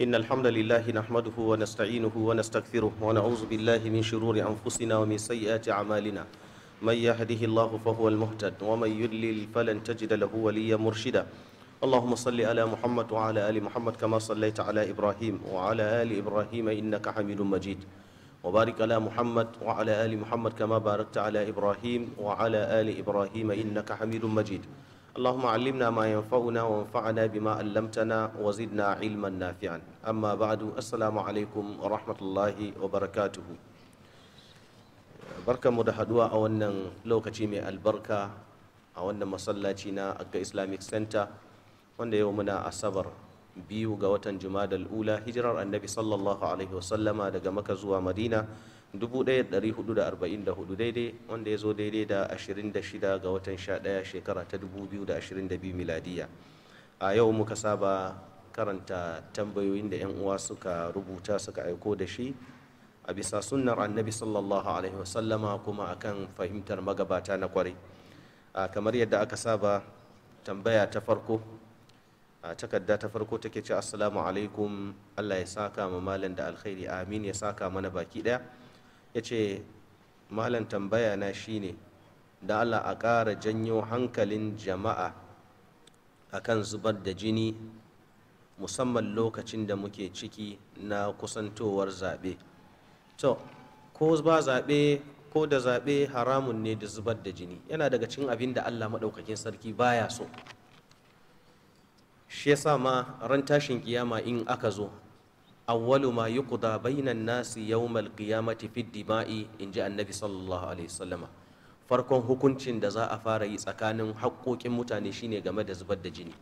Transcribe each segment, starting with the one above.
إن الحمد لله نحمده ونستعينه ونستغفره ونعوذ بالله من شرور أنفسنا ومن سيئات أعمالنا من يهده الله فهو المهتد ومن يضلل فلن تجد له وليا مرشدا اللهم صل على محمد وعلى آل محمد كما صليت على إبراهيم وعلى آل إبراهيم إنك حميد مجيد وبارك على محمد وعلى آل محمد كما باركت على إبراهيم وعلى آل إبراهيم إنك حميد مجيد اللهم علمنا ما ينفعنا وانفعنا بما علمتنا وزدنا علما نافعا أما بعد السلام عليكم ورحمة الله وبركاته barkanmu da haduwa a wannan lokaci mai albarka a wannan masallaci na Akka Islamic Center wanda yau muna asabar biyu ga watan da Ula hijirar Annabi sallallahu alaihi wasallama daga Makka zuwa Madina 1444 daidai wanda ya zo daidai da 26 ga watan 11 shekara ta 2022 miladiya a yau muka saba karanta tambayoyin da 'yan uwa suka rubuta suka aiko da shi a bisa sunnar annabi sallallahu alaihi wasallama kuma akan fahimtar magabata na kwarai kamar yadda aka saba tambaya ta farko a takarda ta farko take ce assalamu alaikum allah ya saka ma malam da alkhairi amin ya saka mana baki daya ya ce malam tambaya na shine da allah a ƙara janyo hankalin jama'a a kan zubar da jini musamman lokacin da muke ciki na kusantowar zaɓe to ko ba zaɓe ko da zaɓe haramun ne da zubar da jini yana daga cikin abin da allah maɗaukakin sarki baya so shi ya sa ma ran tashin kiyama in aka zo awwalu ma yuqda bainan nasi yawmal qiyamati fid dima'i inji annabi sallallahu alaihi wasallama farkon hukuncin da za a fara yi tsakanin haƙoƙin mutane shine game da zubar da jini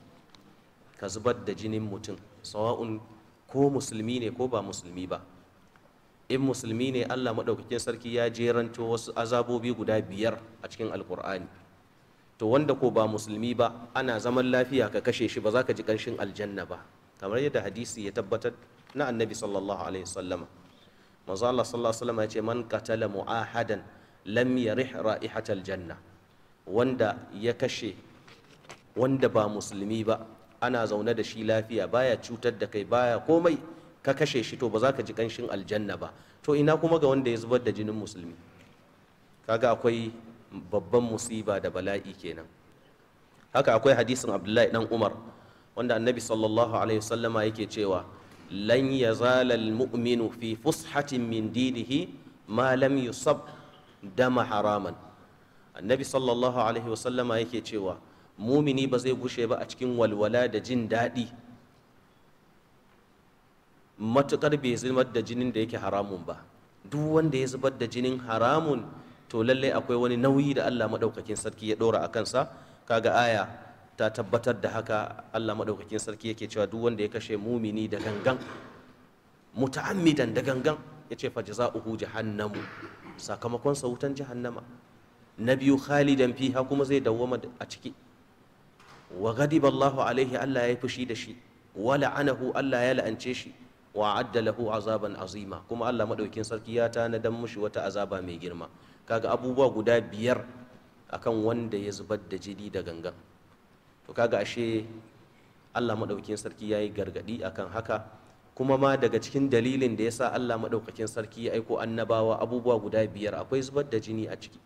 ka zubar da jinin mutum sawa'un ko musulmi ne ko ba musulmi ba in musulmi ne Allah maɗaukakin sarki ya jeranto wasu azabobi guda biyar a cikin alkur'ani to wanda ko ba musulmi ba ana zaman lafiya ka kashe shi ba za ka ji ƙanshin aljanna ba kamar yadda hadisi ya tabbatar na annabi sallallahu alaihi wasallama manzo Allah sallallahu alaihi wasallama ya ce man qatala muahadan lam yarih raihatal janna wanda ya kashe wanda ba musulmi ba ana zaune da shi lafiya baya cutar da kai baya komai ka kashe shi to ba za ka ji kanshin aljanna ba to ina kuma ga wanda ya zubar da jinin musulmi kaga akwai babban musiba da bala'i kenan haka akwai hadisin abdullahi dan umar wanda annabi sallallahu alaihi wasallama yake cewa lan ya zalal mu'minu fi fushatin min dinihi ma lam yusab dama haraman annabi sallallahu alaihi wasallama yake cewa mumini ba zai gushe ba a cikin walwala da jin daɗi matuƙar bai zubar da jinin da yake haramun ba duk wanda ya zubar da jinin haramun to lallai akwai wani nauyi da Allah maɗaukakin sarki ya ɗora a kansa kaga aya ta tabbatar da haka Allah maɗaukakin sarki yake cewa duk wanda ya kashe mumini da gangan muta'ammidan da gangan ya ce fa jaza'uhu jahannamu sakamakon sa wutan jahannama na biyu khalidan fiha kuma zai dawwama a ciki wa ghadiba Allahu alaihi Allah ya fushi da shi wa la'anahu Allah ya la'ance shi wa adda lahu azaban azima kuma Allah madaukin sarki ya tanadan mushi wata azaba mai girma kaga abubuwa guda biyar akan wanda ya zubar da jini da gangan to kaga ashe Allah maɗaukakin sarki ya yi gargaɗi akan haka kuma ma daga cikin dalilin da ya sa Allah maɗaukakin sarki ya aiko annabawa abubuwa guda biyar akwai zubar da jini a ciki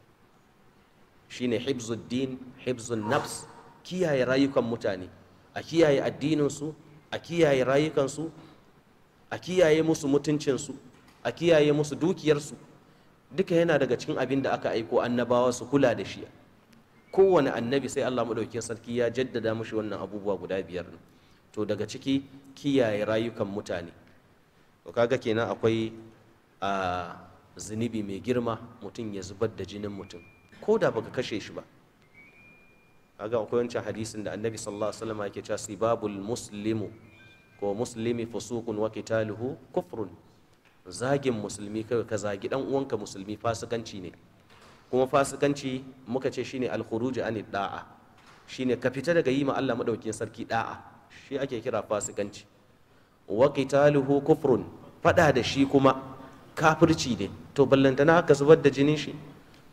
shine hibzuddin hibzun nafs kiyaye rayukan mutane a kiyaye addininsu a kiyaye rayukansu a kiyaye musu mutuncinsu a kiyaye musu dukiyarsu duka yana daga cikin abin da aka aiko annabawa su kula da shi kowane annabi sai Allah madaukakin sarki ya jaddada mushi wannan abubuwa guda biyar to daga ciki kiyaye rayukan mutane to kaga kenan akwai a zunubi mai girma mutum ya zubar da jinin mutum ko da baka kashe shi ba kaga akwai wancan hadisin da annabi sallallahu alaihi wasallam yake cewa sibabul muslimu ko muslimi fusuqun wa qitaluhu kufrun zagin musulmi kai ka zagi dan uwanka musulmi fasikanci ne kuma fasikanci muka ce shine al ani da'a shine ka fita daga yi ma Allah madaukin sarki da'a shi ake kira fasikanci wa qitaluhu kufrun fada da shi kuma kafirci ne to ballantana ka zubar da jinin shi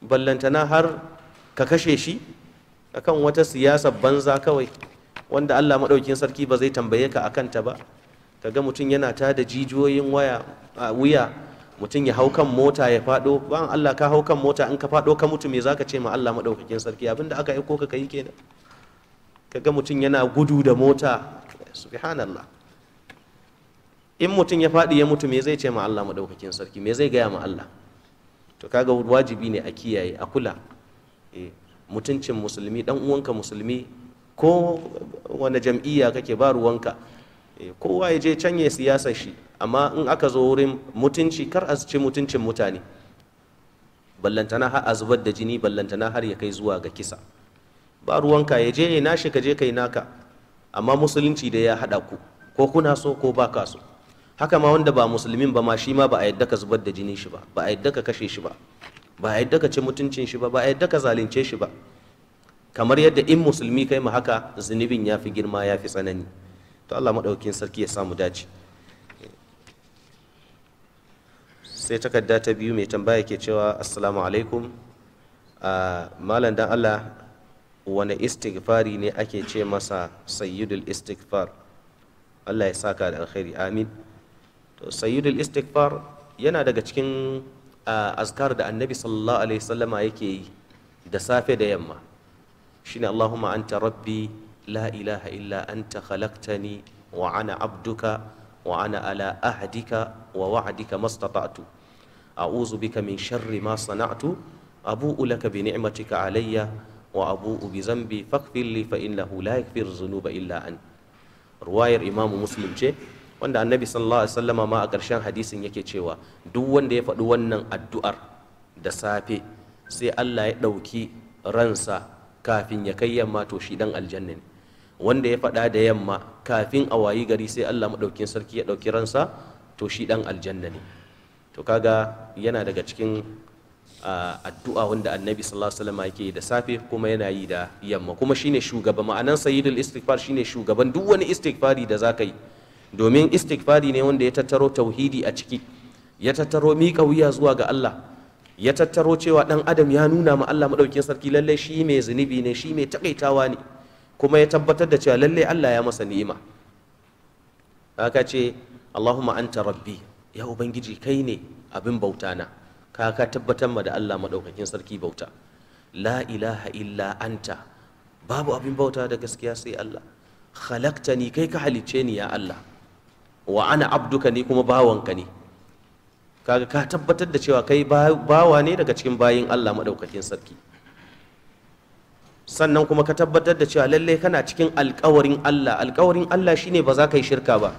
ballantana har ka kashe shi akan wata siyasa banza kawai wanda Allah maɗaukin sarki ba zai tambaye ka akan ta ba kaga mutum yana ta da jijiyoyin waya wuya mutum ya hau kan mota ya fado ban Allah ka hau kan mota in ka fado ka mutu me zaka ce ma Allah madaukakin sarki abinda aka aiko ka kai kenan kaga mutum yana gudu da mota subhanallah in mutum ya fadi ya mutu me zai ce ma Allah madaukakin sarki me zai gaya ma Allah to kaga wajibi ne a kiyaye a kula eh, mutuncin musulmi dan uwanka musulmi ko wani jam'iyya kake ba ruwanka eh, kowa ya je can ya siyasar shi amma in aka zo wurin mutunci kar a ci mutuncin mutane ballantana har a zubar da jini ballantana har ya kai zuwa ga kisa ba ruwanka ya je na shi ka je kai naka amma musulunci da ya haɗa ku ko kuna so ko ba ka so haka ma wanda ba musulmin ba ma shi ma ba a yadda ka zubar da jini shi ba ba a yadda ka kashe shi ba ba a yadda ka ci mutuncin shi ba ba a yadda ka zalunce shi ba kamar yadda in musulmi kai mu haka zunubin ya fi girma ya fi tsanani to Allah maɗaukin sarki ya samu dace sai takarda ta biyu mai tambaya ke cewa assalamu alaikum malam dan allah wani istighfari ne ake ce masa sayyidul istighfar allah ya saka da alkhairi amin to sayyidul istighfar yana daga cikin azkar da annabi sallallahu alaihi wasallama yake yi da safe da yamma shine allahumma anta rabbi la ilaha illa anta khalaqtani wa ana abduka wa ana ala ahdika wa wa'dika mastata'tu uzu bika min sharri ma sana'tu abu'u laka bi ni'matika alayya wa abu ubi zambi faghfir li fa innahu la yaghfiru illa an ruwayar imamu muslim ce wanda annabi sallallahu alaihi wasallama ma a karshen hadisin yake cewa duk wanda ya faɗi wannan addu'ar da safe sai Allah ya ɗauki ransa kafin ya kai yamma to shi dan aljanna ne wanda ya faɗa da yamma kafin a wayi gari sai Allah maɗaukin sarki ya ɗauki ransa to shi dan aljanna ne to kaga yana daga cikin addu'a wanda annabi sallallahu alaihi wasallam yake da safe kuma yana yi da yamma kuma shine shugaba ma'anan sayyidul istighfar shine shugaban duk wani istighfari da zaka yi domin istighfari ne wanda ya tattaro tauhidi a ciki ya tattaro miƙa wuya zuwa ga Allah ya tattaro cewa dan adam ya nuna ma Allah madaukin sarki lalle shi mai zunubi ne shi mai takaitawa ne kuma ya tabbatar da cewa lalle Allah ya masa ni'ima haka ce Allahumma anta rabbi ya ubangiji kai ne abin bauta na ka ka tabbatar ma da Allah maɗaukakin sarki bauta la ilaha illa anta babu abin bauta da gaskiya sai Allah ni kai ka halicce ni ya Allah wa ana abduka ni kuma bawanka ne kaga ka tabbatar da cewa kai bawa ne daga cikin bayin Allah maɗaukakin sarki sannan kuma ka tabbatar da cewa lallai kana cikin alkawarin Allah alkawarin Allah shine ba za ka yi shirka ba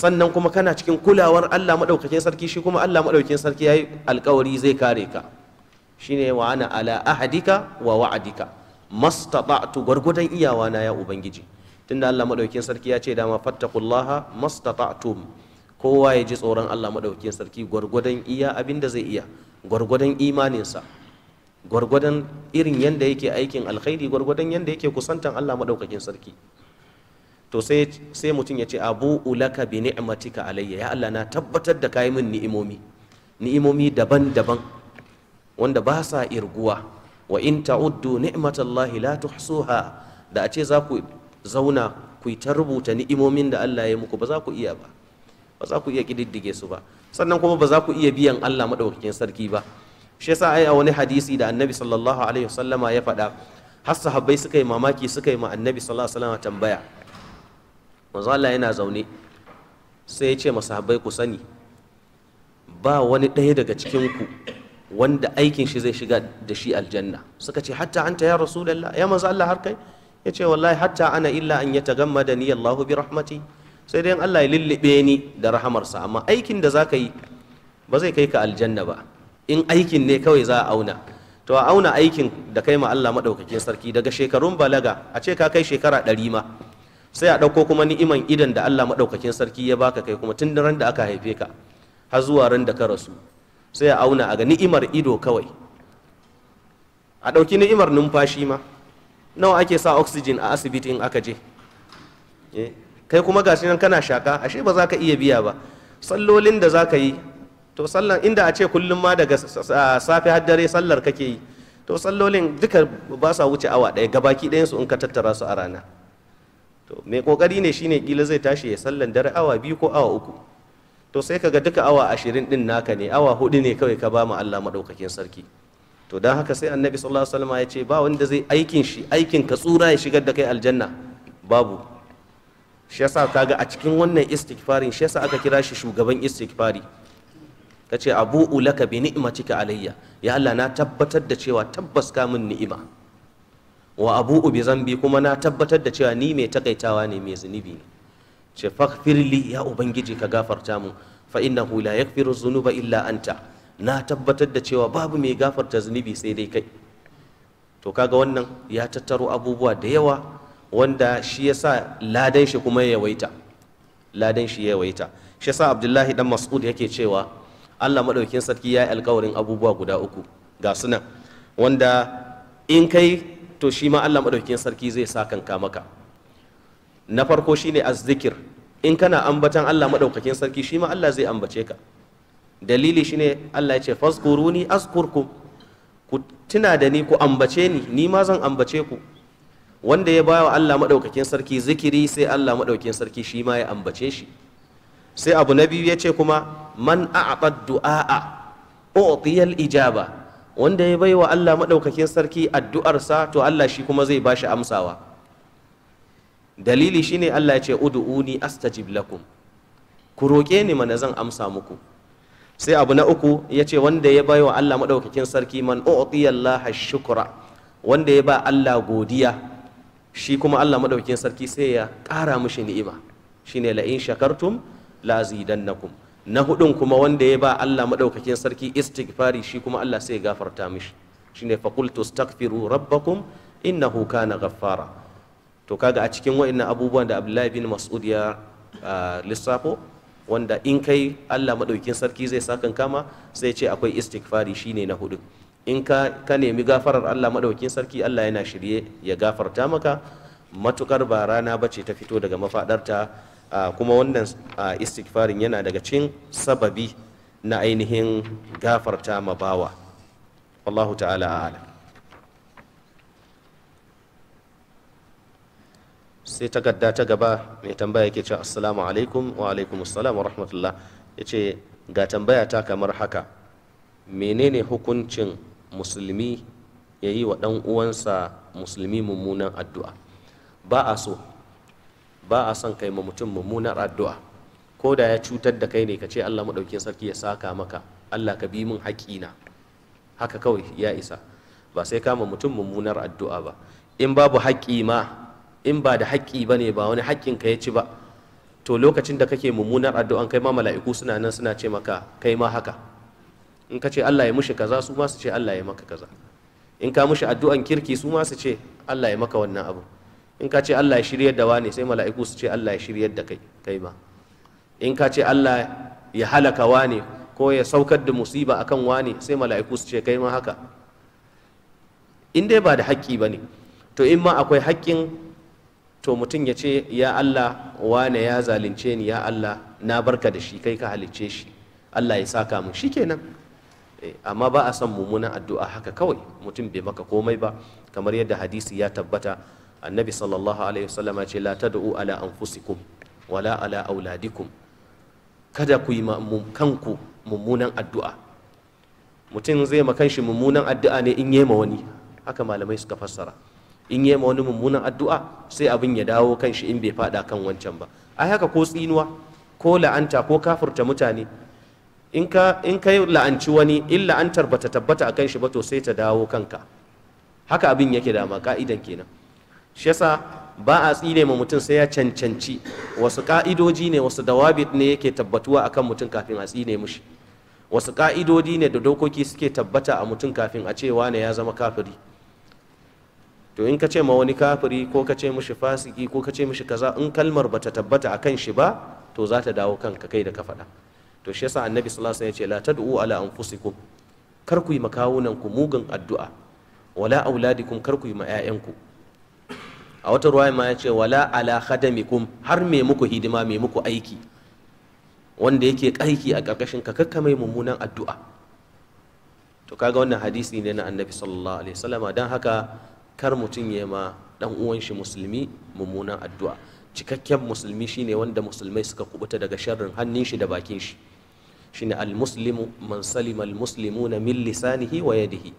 sannan kuma kana cikin kulawar Allah maɗaukakin sarki shi kuma Allah maɗaukakin sarki ya yi alkawari zai kare ka shine wa ana ala ahadika wa wa'adika mastata'tu gwargwadon na ya ubangiji tunda Allah madaukakin sarki ya ce dama fattaqullaha mastata'tum kowa ya ji tsoron Allah madaukakin sarki gwargwadon iya abin zai iya gwargwadon imaninsa gwargwadon irin yanda yake aikin alkhairi gwargwadon yanda yake kusantan Allah maɗaukakin sarki to sai mutum ya ce abu ulaka bi ni'matika alayya ya Allah na tabbatar da kai min ni'imomi ni'imomi daban-daban wanda ba sa irguwa wa in ta'uddu ni'matallahi la tuhsuha da a ce za ku zauna ku ta rubuta ni'imomin da Allah ya muku ba za ku iya ba ba za ku iya kididdige su ba sannan kuma ba za ku iya biyan Allah madaukakin sarki ba shi yasa ai a wani hadisi da Annabi sallallahu alaihi wasallama ya faɗa har sahabbai suka yi mamaki suka yi ma Annabi sallallahu alaihi wasallama tambaya manzo Allah yana zaune sai ya ce masahabai ku sani ba wani ɗaya daga cikin ku wanda aikin shi zai shiga da shi aljanna suka ce hatta anta ya rasulullah ya manzo Allah har kai ya ce wallahi hatta ana illa an yatagammadani ni Allahu bi rahmati sai dai Allah ya lullube ni da rahamarsa amma aikin da zaka yi ba zai kai ka aljanna ba in aikin ne kawai za a auna to a auna aikin da kai ma Allah madaukakin sarki daga shekarun balaga a ce ka kai shekara ɗari ma sai a ɗauko kuma ni'iman idan da Allah maɗaukakin sarki ya baka kai kuma tun ran da aka haife ka har zuwa ran da ka rasu sai a auna a ga ni'imar ido kawai a ɗauki ni'imar numfashi ma nawa ake sa oxygen a asibiti in aka je eh, kai kuma gashi nan kana shaka ashe ba za ka iya biya ba sallolin da za ka yi to sallan inda a ce kullum ma daga safe har dare sallar kake yi to sallolin duka ba sa wuce awa ɗaya gabaki ɗayansu in ka tattara su a rana to mai kokari ne shine kila zai tashi ya sallan dare awa biyu ko awa uku to sai kaga duka awa ashirin din naka ne awa hudu ne kawai ka ba mu Allah madaukakin sarki to don haka sai annabi sallallahu alaihi wasallam ya ce ba wanda zai aikin shi aikin ka tsura ya shigar da kai aljanna babu shi yasa kaga a cikin wannan istighfarin shi yasa aka kira shi shugaban istighfari kace abu ulaka bi ni'matika alayya ya Allah na tabbatar da cewa tabbas ka min ni'ima wa abu ubi zambi kuma na tabbatar da cewa ni mai takaitawa ne mai zunubi ne ce faghfirli ya ubangiji ka gafarta mu fa innahu la yaghfiru zunuba illa anta na tabbatar da cewa babu mai gafarta zunubi sai dai kai to kaga wannan ya tattaro abubuwa da yawa wanda shi yasa ladan shi kuma ya yawaita ladan shi ya yawaita shi yasa abdullahi dan mas'ud yake cewa Allah maɗaukin sarki ya yi alkawarin abubuwa guda uku ga sunan wanda in kai to shi ma Allah madaukakin sarki zai sa kanka maka na farko shine azzikir in kana ambatan Allah madaukakin sarki shi ma Allah zai ambace ka dalili shine Allah ya ce fazkuruni azkurkum ku tuna da ni ku ambace ni ni ma zan ambace ku wanda ya bawa Allah maɗaukakin sarki zikiri sai Allah madaukakin sarki shi ma ya ambace shi sai abu na biyu ya ce kuma man a'tad du'a al ijaba wanda ya bai wa Allah maɗaukakin sarki addu'arsa to Allah shi kuma zai bashi amsawa dalili shine Allah ya ce ud'uni astajib lakum ku roƙe ni mana zan amsa muku sai abu na uku ya ce wanda ya bai wa Allah maɗaukakin sarki man Allah shukura wanda ya ba Allah godiya shi kuma Allah maɗaukakin sarki sai ya ƙara mishi ni'ima shine la in shakartum la zidannakum na hudun kuma wanda ya ba Allah madaukakin sarki istighfari shi kuma Allah sai ya gafarta mishi shine faqultu astaghfiru rabbakum innahu kana ghaffara to kaga a cikin wa'annan abubuwan da Abdullahi bin Mas'ud ya lissafo wanda in kai Allah madaukakin sarki zai sakan kama sai ce akwai istighfari shine na hudu in ka ka nemi gafarar Allah madaukakin sarki Allah yana shirye ya gafarta maka matukar ba rana bace ta fito daga mafadarta Ah, kuma wannan ah, istighfarin yana daga cin sababi na ainihin gafarta ma bawa wallahu ta'ala a'ala sai ta gadda ta gaba mai tambaya yake cewa assalamu alaikum wa alaikum assalam wa rahmatullah ce ga tambaya ta kamar haka menene hukuncin musulmi ya yi wa ɗan uwansa musulmi mummunan addu'a ba a so ba a son kai ma mutum mummunar addu'a ko da ya cutar da kai ne ka ce Allah maɗaukin sarki ya saka maka Allah ka bi min haƙina haka kawai ya isa ba sai kama mutum mummunar addu'a ba in babu haƙƙi ma in ba da haƙƙi ba ne ba wani haƙƙin ka ya ci ba to lokacin da kake mummunar addu'an kai ma mala'iku suna nan suna ce maka kai ma haka in ka ce Allah ya mushi kaza su ma su ce Allah ya maka kaza in ka mushi addu'an kirki su ma su ce Allah ya maka wannan abu in ka ce Allah ya shiryar da wani sai mala'iku su ce Allah ya shiryar da kai kai ma in ka ce Allah ya halaka wani ko ya saukar da musiba akan wani sai mala'iku su ce kai ma haka in dai ba da haƙƙi ba ne to in ma akwai haƙƙin to mutum ya ce ya Allah wane ya zalunce ni ya Allah na barka da shi kai ka halicce shi Allah ya saka mun kenan eh, amma ba a son mummunan addu'a haka kawai mutum bai maka komai ba kamar yadda hadisi ya tabbata annabi sallallahu alaihi wasallama ce la tad'u ala anfusikum wala ala auladikum kada ku yi kanku mummunan addu'a mutum zai ma kanshi mummunan addu'a ne in yema wani haka malamai suka fassara in yema wani mummunan addu'a sai abin ya dawo kanshi in bai fada kan wancan ba ai haka ko tsinuwa ko la'anta ko kafurta mutane in ka la'anci wani in la'antar bata tabbata akan shi ba to sai ta dawo kanka haka abin yake dama ka'idan kenan shi yasa ba a tsine ma mutum sai ya cancanci wasu ka'idoji ne wasu dawabit ne yake tabbatuwa akan mutum kafin a tsine mushi wasu ka'idoji ne da dokoki suke tabbata a mutum kafin a ce wane ya zama kafiri to in ka ce ma wani kafiri ko ka ce mushi fasiki ko ka ce mushi kaza in kalmar bata tabbata akan shi ba to za ta dawo kanka kai da ka faɗa to shi yasa annabi sallallahu alaihi wasallam ya ce la tad'u ala anfusikum kar ku yi makawunan ku mugun addu'a wala auladikum kar ku yi ma 'ya'yanku a wata ruwa ma ya ce wala ala khadamikum har me muku hidima me muku aiki wanda yake aiki a ƙarƙashin ka kakka mai mummunan addu'a to kaga wannan hadisi ne na annabi sallallahu alaihi wasallama dan haka kar mutum ya ma dan uwan shi musulmi mummunan addu'a cikakken musulmi shine wanda musulmai suka kubuta daga sharrin hannun shi da bakin shi shine al-muslimu man salima al-muslimuna min lisanihi wa yadihi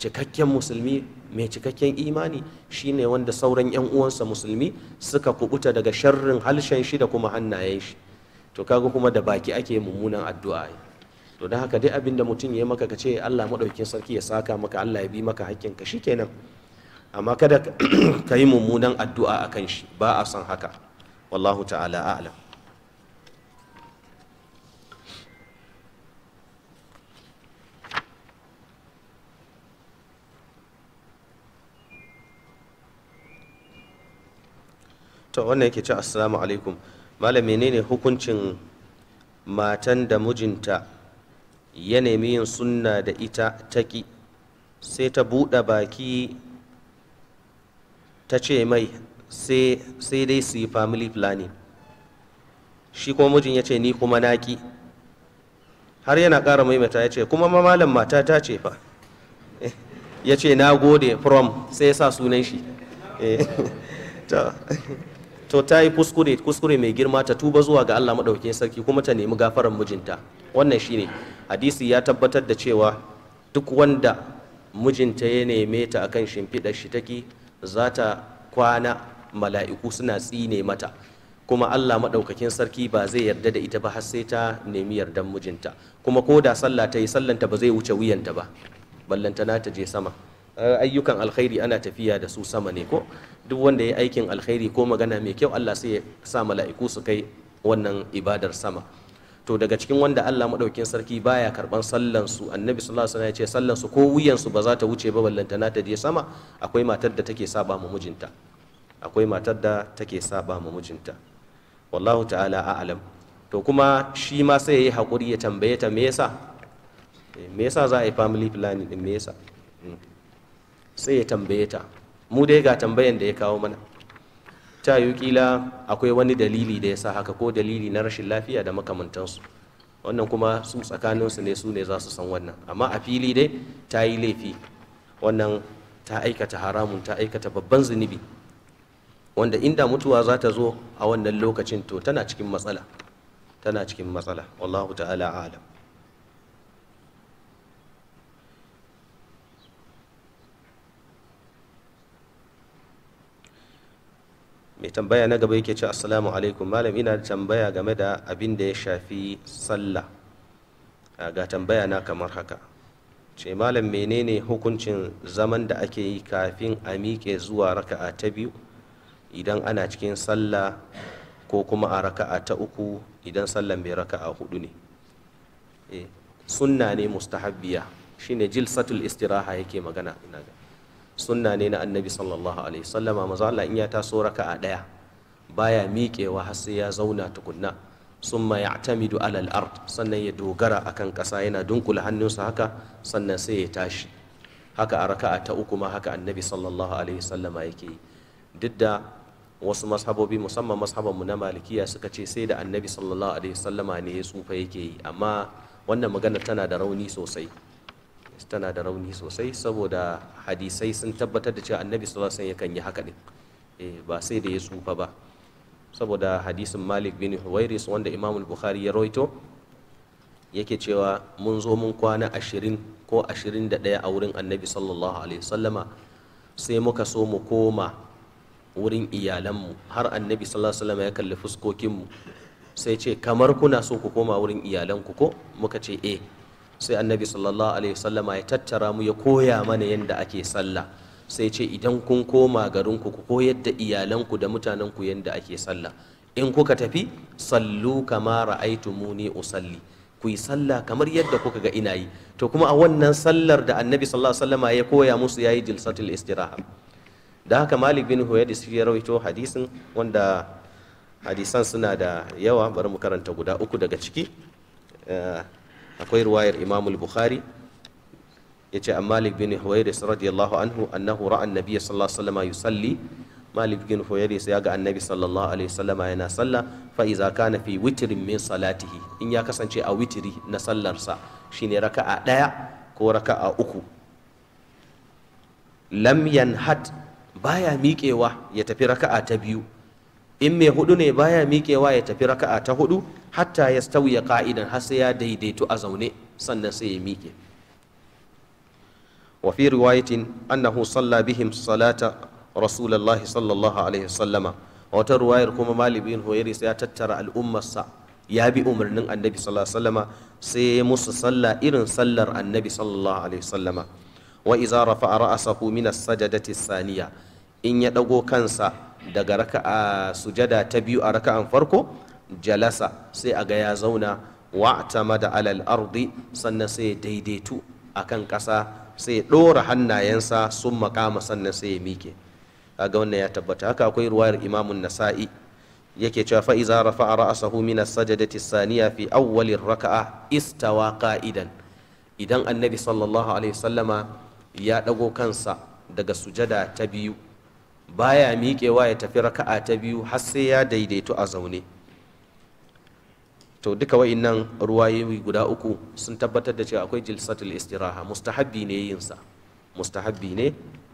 cikakken musulmi mai cikakken imani shine wanda sauran 'yan uwansa musulmi suka kubuta daga sharrin halshen shi da kuma hannayen shi to kaga kuma da baki ake mummunan addu'a to don haka dai abin da mutum ya maka ka ce Allah maɗaukin sarki ya saka maka Allah ya bi maka shi kenan amma kada ka yi mummunan addu'a akan shi ba a son haka wallahu ta'ala a'lam to wannan yake ce assalamu alaikum malam menene hukuncin matan da mijinta ya nemi yin sunna da ita taki sai ta buɗe baki ta ce mai sai dai su yi family planning shi kuma mijin ya ce ni kuma naki har yana ƙara maimaita ya ce kuma malam mata ta ce fa ya ce na gode from sai ya sa sunan shi eh, to ta yi kuskure kuskure mai girma ta tuba zuwa ga Allah madaukakin sarki kuma ta nemi gafaran mijinta wannan shine hadisi ya tabbatar da cewa duk wanda mijinta ya neme ta akan shimfiɗar shi take za ta kwana mala'iku suna tsine mata kuma Allah maɗaukakin sarki ba zai yarda da ita ba har sai ta nemi yardan mijinta kuma ko da sallah ta yi sallanta ba zai wuce wuyanta ba ballantana ta je sama Eh, ayyukan alkhairi ana tafiya da su sama ne ko duk wanda ya aikin alkhairi ko magana mai kyau Allah sai ya sa mala'iku su kai wannan ibadar sama to daga cikin wanda Allah madaukin sarki baya karban sallan su annabi sallallahu alaihi wasallam ya ce sallan su ko wuyan su ba za ta wuce ba ballantana ta je sama akwai matar da take saba ma mijinta akwai matar da take saba ma mijinta wallahu ta'ala a'lam to kuma shi ma sai yayi hakuri ya tambaye ta me yasa eh, me yasa za a yi family planning din me yasa hmm. sai ya tambaye ta mu dai ga tambayan da ya kawo mana ta yi kila akwai wani dalili da ya sa haka ko dalili na rashin lafiya da makamantansu wannan kuma su tsakaninsu ne su ne za su san wannan amma a fili dai ta yi laifi wannan ta aikata haramun ta aikata babban zunubi wanda inda mutuwa za ta zo a wannan lokacin to tana cikin matsala tana cikin matsala wallahu ta'ala alam mai tambaya na gaba yake ce assalamu alaikum malam ina tambaya game da abin da ya shafi sallah ah, ga tambaya na kamar haka ce malam menene hukuncin zaman da ake yi kafin a miƙe zuwa raka'a ta biyu idan ana cikin sallah ko kuma a raka'a ta uku idan sallan mai raka'a hudu ne eh, sunna ne mustahabbiya shine jilsatul istiraha yake magana ina ga sunna ne na annabi sallallahu alaihi sallama maza Allah in ya taso a ɗaya baya miƙewa har sai ya zauna tukunna summa ya'tamidu alal ard sannan ya dogara akan ƙasa yana dunkula hannunsa haka sannan sai ya tashi haka a raka'a ta uku ma haka annabi sallallahu alaihi sallama yake duk da wasu mashabobi musamman mashabanmu na malikiya suka ce sai da annabi sallallahu alaihi sallama ne ya tsufa yake yi amma wannan magana tana da rauni sosai tana da rauni sosai saboda hadisai sun tabbatar da cewa annabi sallallahu alaihi wasallam yakan yi haka din eh, ba sai da ya tsufa ba saboda hadisin malik bin huwairis wanda imam bukhari ya roito yake cewa mun zo mun kwana ashirin ko ashirin da ɗaya a wurin annabi sallallahu alaihi wasallama sai muka so mu koma wurin iyalanmu har annabi sallallahu alaihi wasallama ya kalli fuskokinmu sai ce kamar kuna so ku koma wurin iyalanku ko muka ce eh sai annabi sallallahu alaihi wasallama ya tattara mu ya koya mana yadda ake sallah sai ce idan kun koma garinku ku koyar da iyalanku da mutanenku yadda ake sallah in kuka tafi sallu kama ne usalli ku yi sallah kamar yadda kuka ga ina yi to kuma a wannan sallar da annabi sallallahu alaihi wasallama ya koya musu yayi jilsatul istiraha da haka malik bin huwaydis ya rawaito hadisin wanda hadisan suna da yawa bari mu karanta guda uku daga ciki eh, akwai ruwayar imamu Bukhari ya ce an Malik bin Huwairis radiyallahu anhu annahu ra'a an sallallahu alaihi wasallam yusalli Malik bin Huwairis ya ga annabi sallallahu alaihi wasallam yana sallah fa iza kana fi witrin min salatihi in ya kasance a witiri na sallarsa shine raka'a daya ko raka'a uku lam yanhat baya miƙewa ya tafi raka'a ta biyu in mai hudu ne baya miƙewa ya tafi raka'a ta hudu hatta ya stawiya ka'idan har sai ya daidaito a zaune sannan sai ya miƙe wa fi riwayatin annahu salla bihim salata rasulullahi sallallahu alaihi wasallama wata ruwayar kuma malibin hoyari ya tattara al'ummarsa ya bi umarnin annabi sallallahu alaihi wasallama sai ya musu sallah irin sallar annabi sallallahu alaihi wasallama wa iza rafa'a ra'asahu min as-sajdati saniya in ya dago kansa daga raka'a sujada ta biyu a raka'an farko jalasa sai a ga ya zauna wa tamada alal ardi sannan sai ya daidaitu akan ƙasa sai ya ɗora hannayensa sun makama sannan sai ya miƙe kaga wannan ya tabbata haka akwai ruwayar imamun nasa'i yake cewa fa iza rafa'a ra'sahu min as-sajdati as-saniya fi auwalin raka'a istawa qa'idan idan annabi sallallahu alaihi wasallama ya dago kansa daga sujada ta biyu baya miƙewa ya tafi raka'a ta biyu har sai ya daidaitu a zaune to duka wa'innan ruwayoyi guda uku sun tabbatar da cewa akwai jilsatul istiraha mustahabbi ne yin sa mustahabbi ne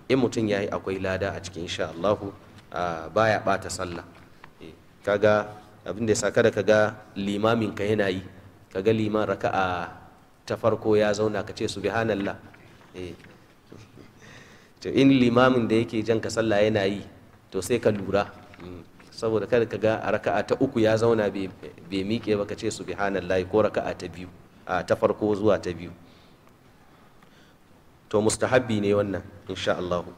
in mutum yayi akwai lada a cikin insha Allah baya bata sallah e, kaga abin da ya kada kaga limamin ka yana yi kaga liman raka'a ta farko ya zauna ka ce subhanallah e, to in limamin da yake jan ka sallah yana yi to sai ka lura mm. saboda kada ka ga a raka'a ta uku ya zauna bai miƙe ba ka ce subhanallahi ko raka'a ta biyu a ta farko zuwa ta biyu to mustahabbi ne wannan insha Allah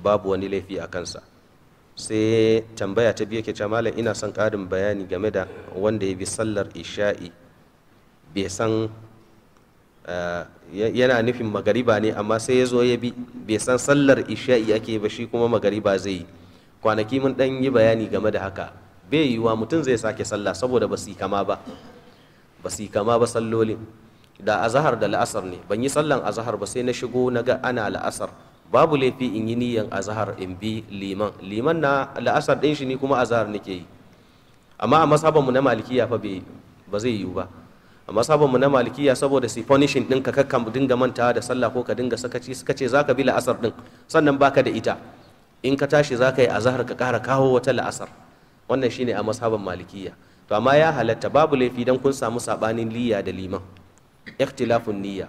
babu wani laifi a kansa sai tambaya ta biyu ke ce malam ina son ƙarin bayani game da wanda ya bi sallar isha'i bai san yana nufin magariba ne amma sai ya zo ya bi bai san sallar isha'i ake ba shi kuma magariba zai yi kwanaki mun ɗan yi bayani game da haka bai yiwuwa mutum zai sake sallah saboda ba su kama ba ba su kama ba sallolin da azahar da la'asar ne ban yi sallan azahar ba sai na shigo na ga ana la'asar babu laifi in yi niyan azahar in bi liman liman na la'asar ɗin shi ni kuma azahar nake yi amma a masabanmu na malikiya fa ba zai yiwu ba a masabanmu na malikiya saboda si punishing ɗin ka kakkan dinga mantawa da sallah ko ka dinga sakaci suka ce zaka bi la'asar ɗin sannan baka da ita in ka tashi za ka yi azahar ka ƙara kawo wata la'asar wannan shine a mashaban malikiya to amma ya halatta babu laifi don kun samu sabanin liya da liman ikhtilafun niyya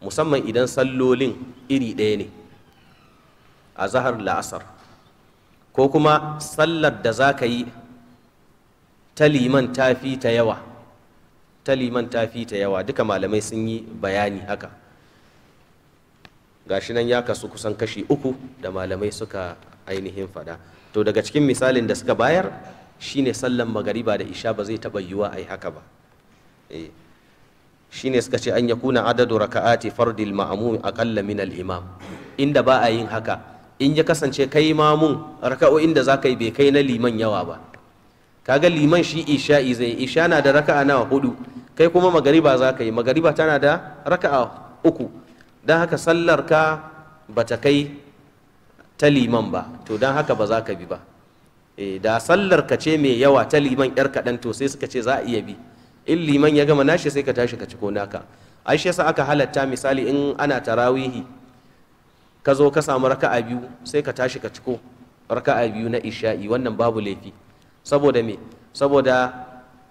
musamman idan sallolin iri ɗaya ne azahar la'asar ko kuma sallar da za ka yi ta liman ta fi ta yawa ta liman ta fi ta yawa duka malamai sun yi bayani haka gashi nan ya kasu kusan kashi uku da malamai suka ainihin fada to daga cikin misalin da suka bayar shine sallan magariba da isha ba zai taɓa yiwuwa a yi haka ba eh, shine suka ce an yakuna adadu raka'ati fardil ma'mum aqalla min al-imam inda ba a yin haka in ya kasance kai mamun raka'o'in da zaka yi bai kai na liman yawa ba kaga liman shi isha'i zai isha na da raka'a nawa hudu kai kuma magariba zaka yi magariba tana da raka'a uku dan haka sallar ka bata kai ta liman ba to don haka ba za ka bi ba e, da sallar ka ce mai yawa ta liman yar kaɗan to sai suka ce za a iya bi in liman ya gama nashi sai ka tashi ka ci naka ai shi yasa aka halatta misali in ana tarawihi ka zo ka samu raka'a biyu sai ka tashi ka ciko raka'a biyu na isha'i wannan babu laifi saboda me saboda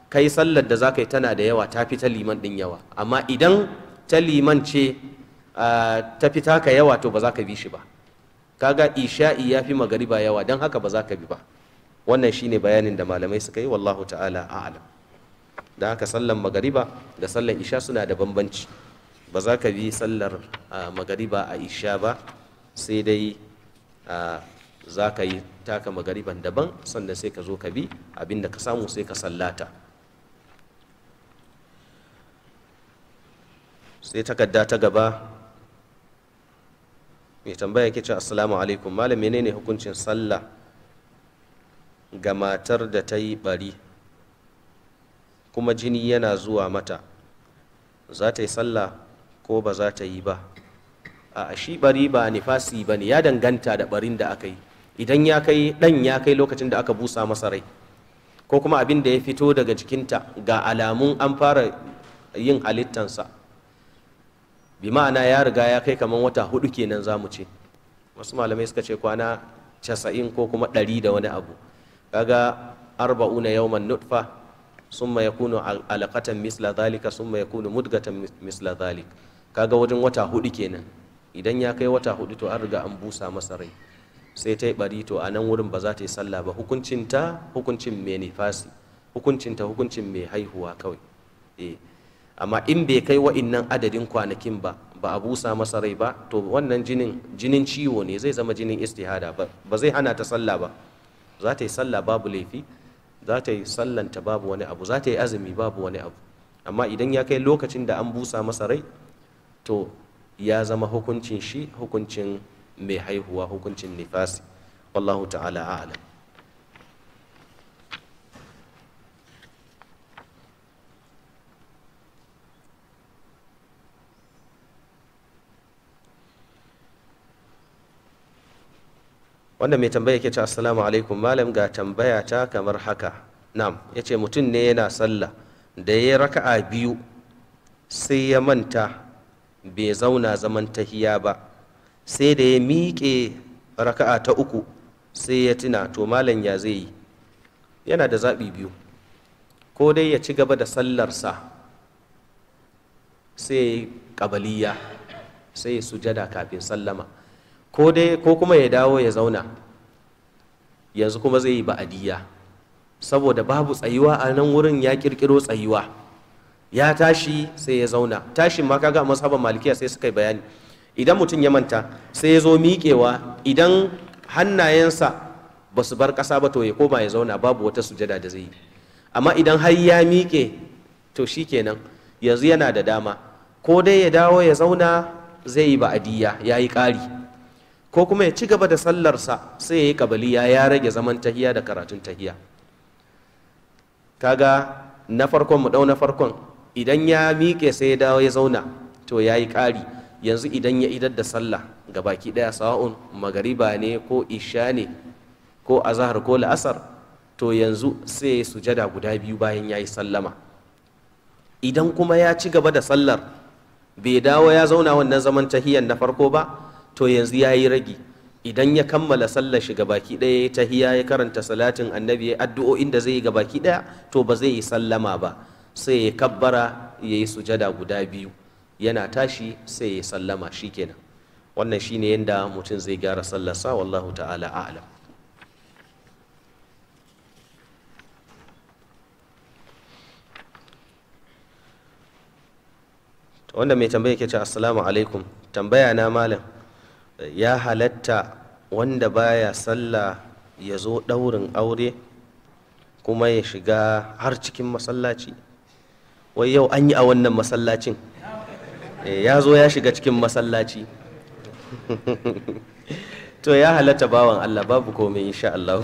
kai sallar da za ka yi tana da yawa ta fi ta liman din yawa amma idan ta liman ce ah, ta fi taka yawa to ba za ka bi shi ba kaga isha'i ya fi magariba yawa don haka ba za ka bi ba wannan shine bayanin da malamai suka yi wallahu ta'ala a'lam da haka sallan magariba da sallan isha suna da bambanci ba za ka bi sallar magariba a isha ba sai dai za ka yi taka magariban daban sannan sai ka zo ka bi abin da ka samu sai ka sallata sai takarda ta gaba mai tambaya yake cin assalamu alaikum malam menene hukuncin sallah ga matar da ta yi bari kuma jini yana zuwa mata za ta yi sallah ko ba za ta yi ba a shi bari ba nifasi ba ne ya danganta da barin da aka yi idan ya kai dan ya kai lokacin da aka busa masa rai ko kuma abin da ya fito daga jikinta ga alamun an fara yin halittansa bi ma'ana ya riga ya kai kamar wata hudu kenan za mu ce wasu malamai suka ce kwana casa'in ko kuma ɗari da wani abu kaga arba'una yawman nutfa summa yakunu alaqatan misla dhalika summa yakunu mudgatan misla dhalik kaga wajen wata hudu kenan idan ya kai wata hudu to an riga an busa masa rai sai ta yi bari to a nan wurin ba za ta yi sallah ba hukuncinta hukuncin mai nifasi hukuncinta hukuncin mai haihuwa kawai eh amma in bai kai waɗannan adadin kwanakin ba ba a busa masa rai ba to wannan jinin jinin ciwo ne zai zama jinin istihada ba ba zai hana ta sallah ba za ta yi sallah babu laifi za ta yi sallanta babu wani abu za ta yi azumi babu wani abu amma idan ya kai lokacin da an busa masa rai to ya zama hukuncin shi hukuncin mai haihuwa hukuncin nifasi wallahu ta'ala a'lam wanda mai tambaya ke ta assalamu alaikum malam ga tambaya ta kamar haka na'am yace mutum ne yana sallah da ya raka'a biyu sai ya manta bai zauna zaman tahiya ba sai da ya miƙe raka'a ta uku sai ya tuna to malam ya zai yi yana da zaɓi biyu ko dai ya ci gaba da sallarsa sai ƙabaliya sai ya sujada kafin sallama ko dai ko kuma ya dawo ya zauna yanzu kuma zai yi ba'adiyya saboda babu tsayuwa a nan wurin ya kirkiro tsayuwa ya tashi sai ya zauna tashin ma kaga a mazhaban malikiya sai suka yi bayani idan mutum ya manta sai ya zo miƙewa idan hannayensa ba su bar ƙasa ba to ya koma ya zauna babu wata sujada da zai yi amma idan har ya miƙe to shi kenan yanzu yana da dama ko dai ya dawo ya zauna zai yi ba'adiyya ya yi ƙari ko kuma ya ci gaba da sallarsa sai ya yi kabaliya ya rage zaman tahiya da karatun tahiya kaga na farkon mu dau na farkon idan ya miƙe sai ya dawo ya zauna to ya yi ƙari yanzu idan ya idar da sallah ga baki ɗaya sawa'un magariba ne ko isha ne ko azahar ko la'asar to yanzu sai ya sujada guda biyu bayan ya yi sallama idan kuma ya ci gaba da sallar bai dawo ya zauna wannan zaman tahiyan na farko ba to yanzu ya yi ragi idan ya kammala sallar shi baki ɗaya ya tahiya ya karanta salatin annabi ya addu'o'in da zai yi gabaki ɗaya to ba zai yi sallama ba sai ya kabbara ya yi sujada guda biyu yana tashi sai ya sallama shikenan wannan shine yadda mutum zai gyara sallarsa wallahu ta'ala a'lam wanda mai tambaya ke ce assalamu alaikum tambaya na malam ya halatta wanda baya sallah ya zo ɗaurin aure kuma ya shiga har cikin masallaci wai yau an yi a wannan masallacin eh, ya zo ya shiga cikin masallaci to ya halatta bawan Allah babu komai insha Allah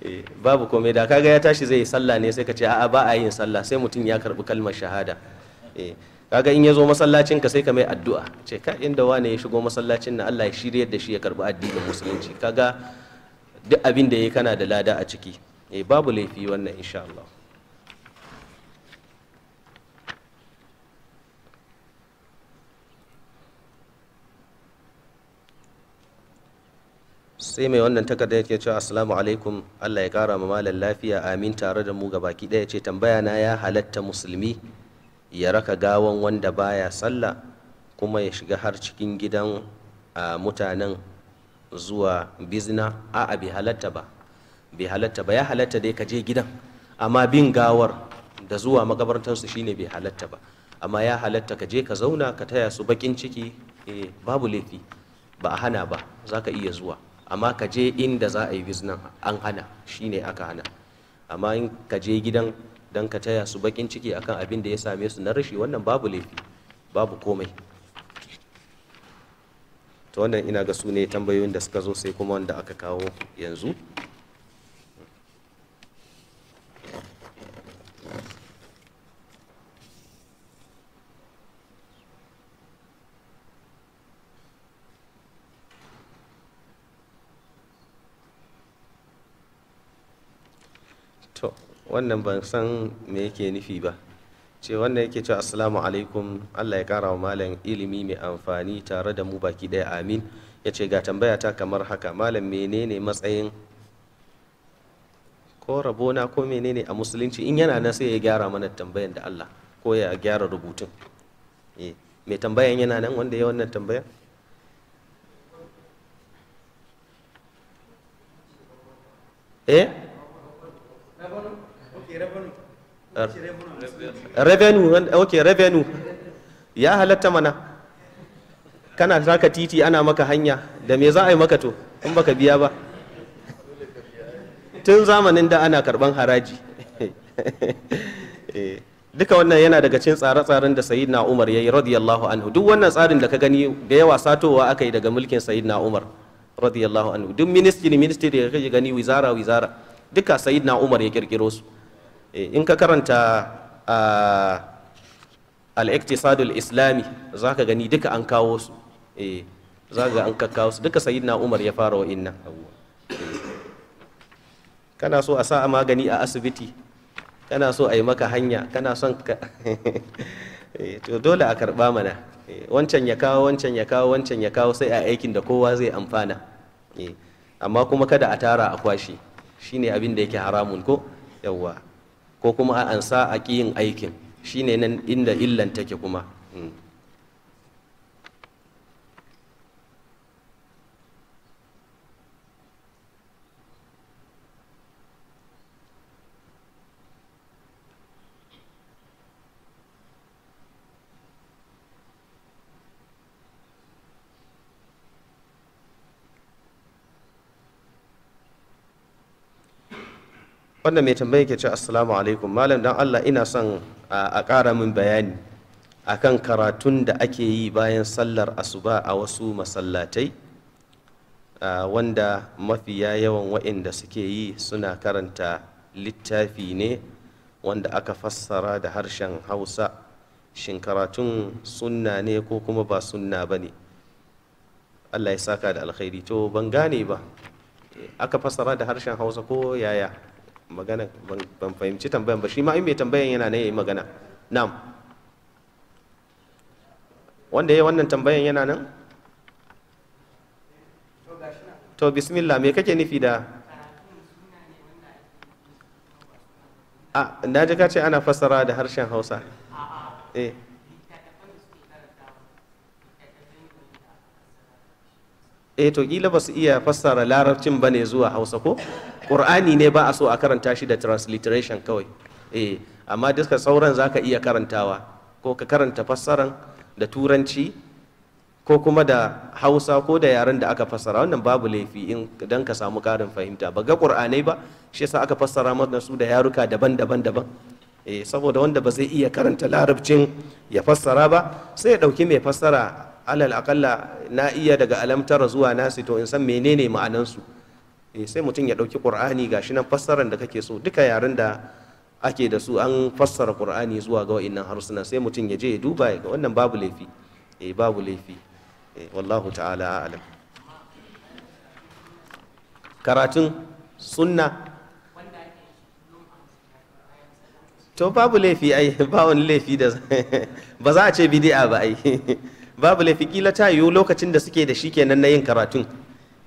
eh, babu komai da kaga ya tashi zai yi sallah ne sai ka ce a'a ba a yin sallah sai mutum ya karbi kalmar shahada eh, kaga in ya zo masallacin ka sai ka mai addu'a ce ka inda wane ya shigo masallacin na Allah ya shiryar da shi ya karbi addinin musulunci kaga duk abin da yayi kana da lada a ciki eh babu laifi wannan insha Allah sai mai wannan takardar yake cewa assalamu alaikum Allah ya kara ma malam lafiya amin tare da mu ga baki daya ce tambaya na ya halatta musulmi ya raka gawan wanda baya sallah kuma ya shiga har cikin gidan mutanen zuwa bizna a abi halatta ba bai halatta ba ya halatta dai ka je gidan amma bin gawar da zuwa makabartansu shine bai halatta ba amma ya halatta ka je ka zauna ka taya su bakin ciki eh babu laifi ba a hana ba za ka iya zuwa amma ka je inda za a yi biznan an hana shine aka hana amma in ka je gidan don ka taya su bakin ciki akan abin da ya same su na rashi wannan babu laifi babu komai ta wannan ina ga su ne tambayoyin da suka zo sai kuma wanda aka kawo yanzu wannan ban san me yake nufi ba ce wannan yake cewa assalamu alaikum allah ya kara wa malam ilimi mai amfani tare da mu baki daya amin ya ce ga tambaya ta kamar haka malam menene matsayin ko rabona ko menene a musulunci in yana nan sai ya gyara mana tambayan da allah ko ya gyara rubutun eh, mai tambayan yana nan wanda ya wannan tambayan eh revenue er- okay revenue ya halatta mana kana taka titi ana maka hanya da me za a yi maka to in baka biya ba tun zamanin da ana karban haraji eh, duka wannan yana daga cikin tsare-tsaren da sayyidina umar ya yi radiyallahu anhu duk wannan tsarin da ka gani da yawa satowa aka yi daga mulkin sayyidina umar radiyallahu anhu duk ministry ministry da kake gani wizara wizara duka sayyidina umar ya kirkiro su Eh, in ka karanta a iqtisadul islami za ka gani duka an kawo su eh, za ga an kawo su duka sayyidina umar ya fara wa inna eh, kana so a sa a magani a asibiti kana so a yi maka hanya kana son ka to dole a karba mana wancan ya kawo wancan ya kawo wancan ya kawo sai a aikin da kowa zai amfana amma kuma kada a tara a kwashe shine abin da yake haramun ko yawwa ko kuma a ansa a ƙiyin aikin shine nan inda illan take kuma wanda mai tambaya ke ce assalamu alaikum malam dan Allah ina son a ƙara min bayani akan karatun da ake yi bayan sallar asuba a wasu masallatai wanda mafiya yawan waɗanda suke yi suna karanta littafi ne wanda aka fassara da harshen hausa shin karatun sunna ne ko kuma ba sunna ba ne allah ya saka da alkhairi to ban gane ba aka fassara da harshen hausa ko yaya magana ban fahimci tambayan ba shi ma in mai tambayan yana nan ya yi magana na'am wanda ya yi wannan tambayan yana nan to bismillah me kake nufi da a ah, na ji ka ce ana fassara da harshen hausa eh eh to kila ba su iya fassara larabcin ba ne zuwa hausa ko ƙur'ani ne ba a so a karanta shi da transliteration kawai eh amma duka sauran za ka iya karantawa ko ka karanta fassaran da turanci ko kuma da hausa ko da yaren da aka fassara wannan babu laifi in dan ka samu karin fahimta ba ga ƙur'anai ba shi yasa aka fassara masu su da yaruka daban-daban daban eh, saboda wanda ba zai iya karanta larabcin ya fassara ba sai ya ɗauki mai fassara alal akalla na iya daga alamtara zuwa nasi to in san menene ma'anansu eh, sai mutum ya ɗauki ƙur'ani gashi nan fassarar da kake so duka yaren da ake da su an fassara ƙur'ani zuwa ga wa'innan harsuna sai mutum ya je ya duba ga wannan babu laifi eh babu laifi eh, wallahu ta'ala a'lam karatun sunna to babu laifi ai ba wani laifi da ba za a ce bidi'a ba ai babu laifi kila ta yiwu lokacin da suke da shi kenan na yin karatun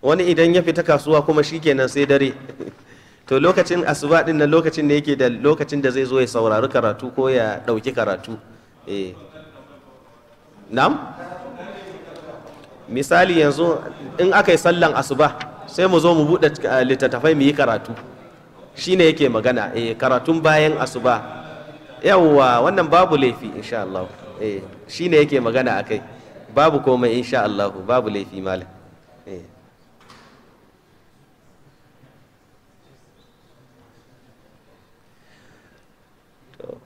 wani idan ya fita kasuwa kuma shi kenan sai dare to lokacin asuba din nan lokacin da yake da lokacin da zai zo ya saurari karatu ko ya ɗauki karatu eh nam misali yanzu in aka yi sallan asuba sai mu zo mu buɗe eh, littattafai mu yi karatu shine yake magana eh karatun bayan asuba yawwa wannan babu laifi insha Allah eh shine yake magana akai babu komai in sha Allah babu laifi malam eh.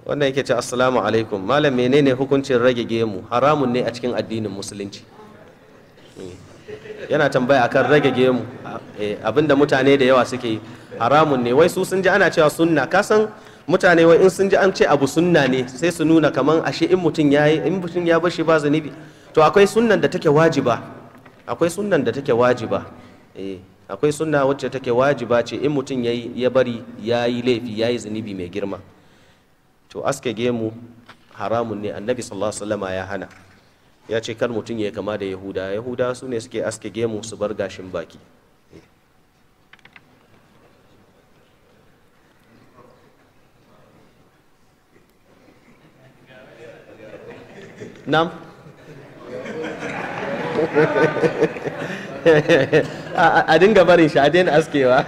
wannan yake ce assalamu alaikum malam menene hukuncin rage gemu haramun ne a cikin addinin musulunci eh. yana tambaya akan rage gemu eh, abinda mutane da yawa suke yi haramun ne wai su sun ji ana cewa sunna kasan mutane wai in sun ji an ce abu sunna ne sai su nuna kaman ashe in mutum ya yi in mutum ya bashi ba zunubi to akwai sunnan da take wajiba akwai sunnan da take wajiba eh akwai sunna wacce take wajiba ce in mutum ya bari ya yi laifi ya yi zunubi mai girma to aske gemu haramun ne annabi sallallahu alaihi wasallam ya hana ya ce kar mutum ya kama da yahuda yahuda su ne suke aske gemu su bar gashin baki eh. nam a dinga barin shi a daina askewa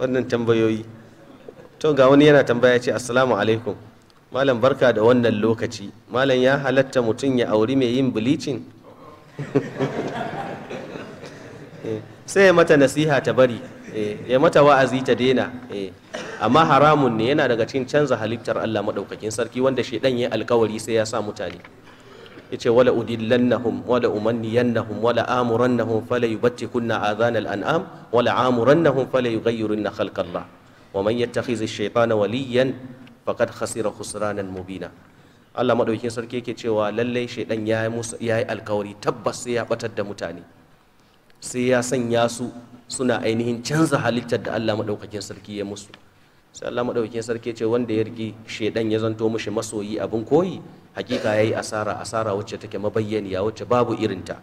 wannan tambayoyi to ga wani yana tambaya ce assalamu alaikum malam barka da wannan lokaci malam ya halatta mutum ya auri mai yin bilicin eh. sai ya mata nasiha ta bari eh, ya mata wa'azi ta daina eh. amma haramun ne yana daga cikin canza halittar Allah maɗaukakin sarki wanda shaiɗan ya alkawari sai ya sa mutane yace wala udillannahum wala umanniyannahum wala amurannahum fala yubattikunna adhan al-an'am wala amurannahum fala yughayyirunna khalqallah wa man yattakhiz ash-shaytana waliyan faqad khasira khusranan mubina Allah maɗaukakin sarki yake cewa lallai shaiɗan ya yi alkawari tabbas sai ya batar da mutane sai ya sanya su suna ainihin canza halittar da Allah maɗaukakin sarki ya musu sai Allah maɗaukakin sarki ce wanda ya riki shaidan ya zanto mushi masoyi abin koyi hakika yayi asara asara wacce take mabayyaniya wacce babu irinta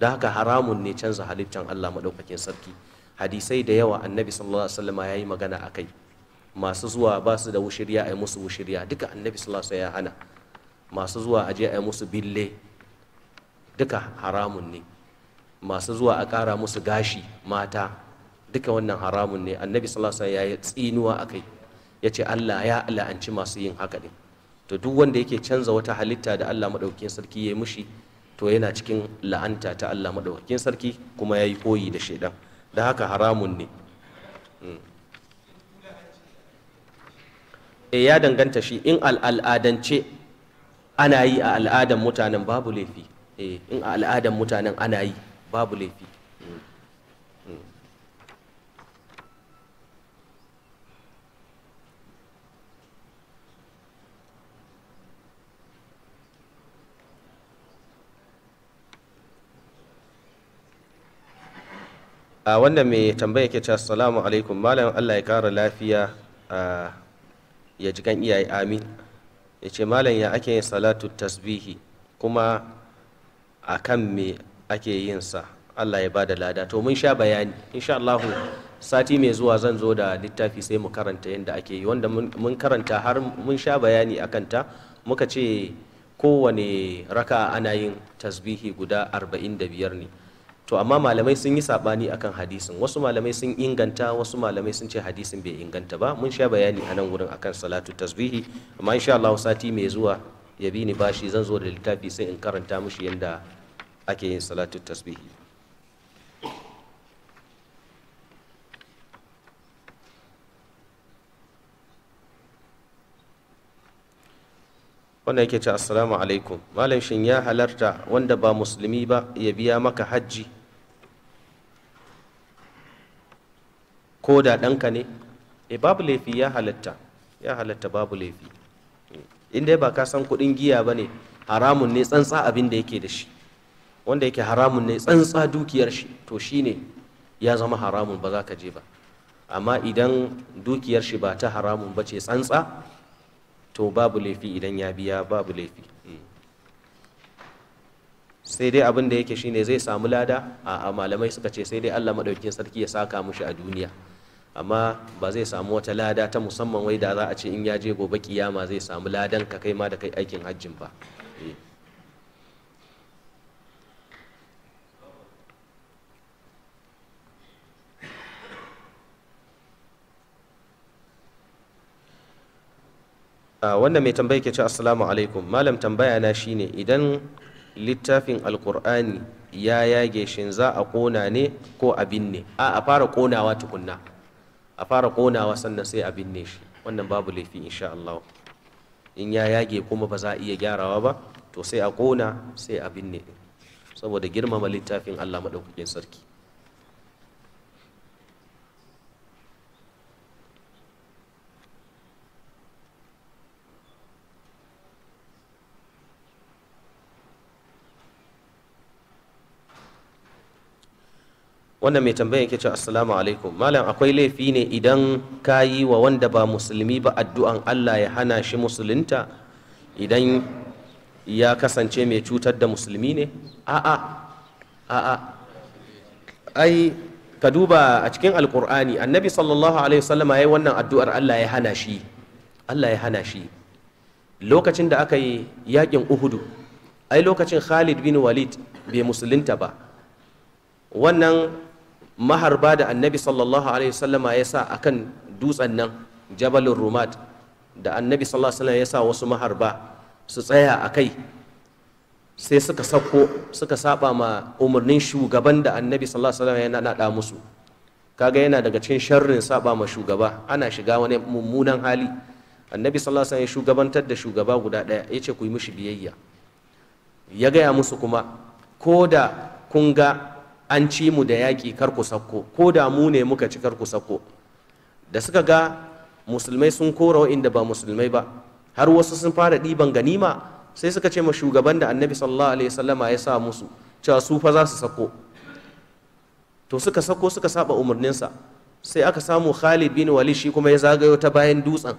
da haka haramun ne canza halittar Allah maɗaukakin sarki hadisai da yawa annabi sallallahu alaihi wasallam yayi magana akai masu zuwa ba su da wushirya ai musu wushirya duka annabi sallallahu alaihi wasallam ya hana masu zuwa aje ai musu bille duka haramun ne masu zuwa a ƙara musu gashi mata duka wannan haramun ne annabi sallallahu alaihi wasallam ya tsinuwa kai ya ce Allah ya la'anci masu yin haka din to duk wanda yake canza wata halitta da Allah madaukakin sarki ya mushi to yana cikin la'anta ta Allah madaukakin sarki kuma ya yi koyi da shaidan da haka haramun ne e ya danganta shi in al'adance ana yi a al'adan mutanen babu laifi eh, in a al'adan mutanen ana yi babu laifi a wannan mai tambaya ke ce assalamu alaikum malam allah ya kara lafiya ya jikan iyaye amin ya ce malam ya ake yin salatu tasbihi kuma a kan mai ake yin sa Allah ya ba da lada to mun sha bayani insha Allah sati mai zuwa zan zo da littafi sai mu karanta yadda ake yi wanda mun karanta har mun sha bayani a kanta muka ce kowane raka ana yin tasbihi guda 45 ne to amma malamai sun yi sabani akan hadisin wasu malamai sun inganta wasu malamai sun ce hadisin bai inganta ba mun sha bayani a nan wurin akan salatu tasbihi amma insha Allah sati mai zuwa ya bi ni bashi zan zo da littafi sai in karanta mushi yadda ake yin salatu tasbihi wannan yake ce assalamu alaikum malam shin ya halarta wanda ba musulmi ba ya biya maka hajji ko da ɗanka ne e babu laifi ya halatta ya halatta babu laifi in dai ba ka san kuɗin giya ba ne haramun ne tsantsa abin da yake da shi wanda yake haramun ne tsantsa dukiyar shi to shine ya zama haramun ba za ka je ba amma idan dukiyar shi ba ta haramun ba ce tsantsa to babu laifi idan ya biya babu laifi hmm. sai dai abin da yake shine zai samu lada a malamai suka ce sai dai allah maɗaukin sarki ya saka mushi a duniya amma ba zai samu wata lada ta musamman wai da za a ce in ya je gobe kiyama zai samu ladan ka kai ma da kai aikin hajjin ba Ah, wannan mai tambayi ke ce assalamu alaikum malam tambaya na shine idan littafin alkur'ani ya yage shin za a kona ne ko a binne a a fara konawa tukunna a fara konawa sannan sai a binne shi wannan babu laifi insha Allah in ya yage kuma ba za a iya gyarawa ba to sai a kona sai a binne saboda girmama littafin Allah maɗaukakin sarki wannan mai tambaya ke ce assalamu alaikum malam akwai laifi ne idan ka yi wa wanda ba musulmi ba addu'an Allah ya hana shi musulunta idan ya kasance mai cutar da musulmi ne a'a a'a ai ka duba a cikin alkur'ani annabi sallallahu alaihi wasallama ya yi wannan addu'ar Allah ya hana shi Allah ya hana shi lokacin da aka yi yakin uhudu ai lokacin khalid bin walid bai musulunta ba wannan maharba da annabi sallallahu alaihi wasallam ya sa akan dutsen nan jabalin rumat da annabi sallallahu alaihi wasallam ya sa wasu maharba su tsaya a kai sai suka sako suka saba ma umarnin shugaban da annabi sallallahu alaihi wasallam ya nada musu kaga yana daga cikin sharrin saba ma shugaba ana shiga wani mummunan hali annabi sallallahu alaihi wasallam ya shugabantar da shugaba guda daya ce ku yi mishi biyayya ya gaya musu kuma ko da kun ga an ci mu da yaƙi kar ku sakko ko da mu ne muka ci kar ku sakko da suka ga musulmai sun kora inda ba musulmai ba har wasu sun fara ɗiban ganima sai suka ce ma shugaban da annabi sallallahu alaihi wasallama ya sa musu cewa su fa za su sako to suka sako suka saba umarninsa sai aka samu khalid bin wali shi kuma ya zagayo ta bayan dutsen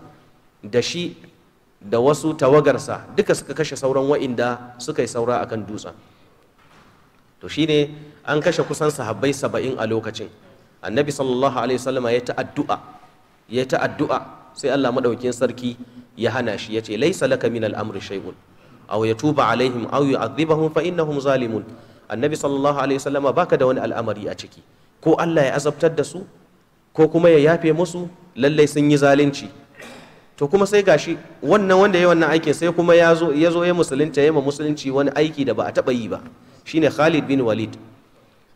da shi da wasu tawagarsa duka suka kashe sauran wa'inda suka yi saura akan dutsen to shine an kashe kusan sahabbai saba'in a lokacin annabi sallallahu alaihi wasallama ya addu'a ya addu'a sai Allah madaukin sarki ya hana shi ya ce laisa laka min al-amri shay'un aw yatuba alaihim aw yu'adhibahum fa innahum zalimun annabi sallallahu alaihi wasallama baka da wani al'amari a ciki ko Allah ya azabtar da su ko kuma ya yafe musu lallai sun yi zalunci to kuma sai gashi wannan wanda ya wannan aikin sai kuma ya zo ya musulunta ya ma musulunci wani aiki da ba a taba yi ba shine Khalid bin Walid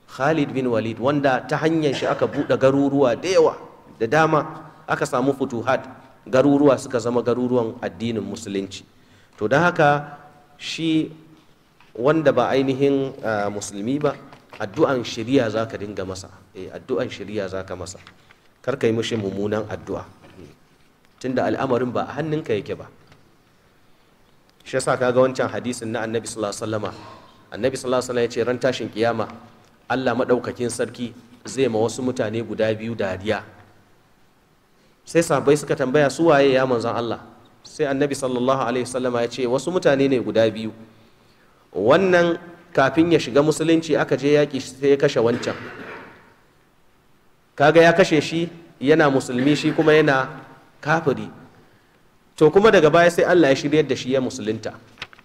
Khalid bin Walid wanda ta hanyar shi aka buɗe garuruwa da yawa da dama aka samu futuhat garuruwa suka zama garuruwan addinin musulunci to don haka shi wanda ba ainihin musulmi ba addu'an shirya za ka dinga masa eh, addu'an shirya za ka masa kar ka yi mishi mummunan addu'a tunda al'amarin ba a hannunka yake ba shi yasa ga wancan hadisin na annabi sallallahu annabi sallallahu alaihi wasallam ya ce ran tashin kiyama Allah madaukakin sarki zai ma wasu mutane guda biyu dariya sai sahabbai suka tambaya su waye ya manzon Allah sai annabi sallallahu alaihi wasallam ya ce wasu mutane ne guda biyu wannan kafin ya shiga musulunci aka je yaƙi sai ya kashe wancan kaga ya kashe shi yana musulmi shi kuma yana kafiri to kuma daga baya sai Allah ya shiryar da shi ya musulunta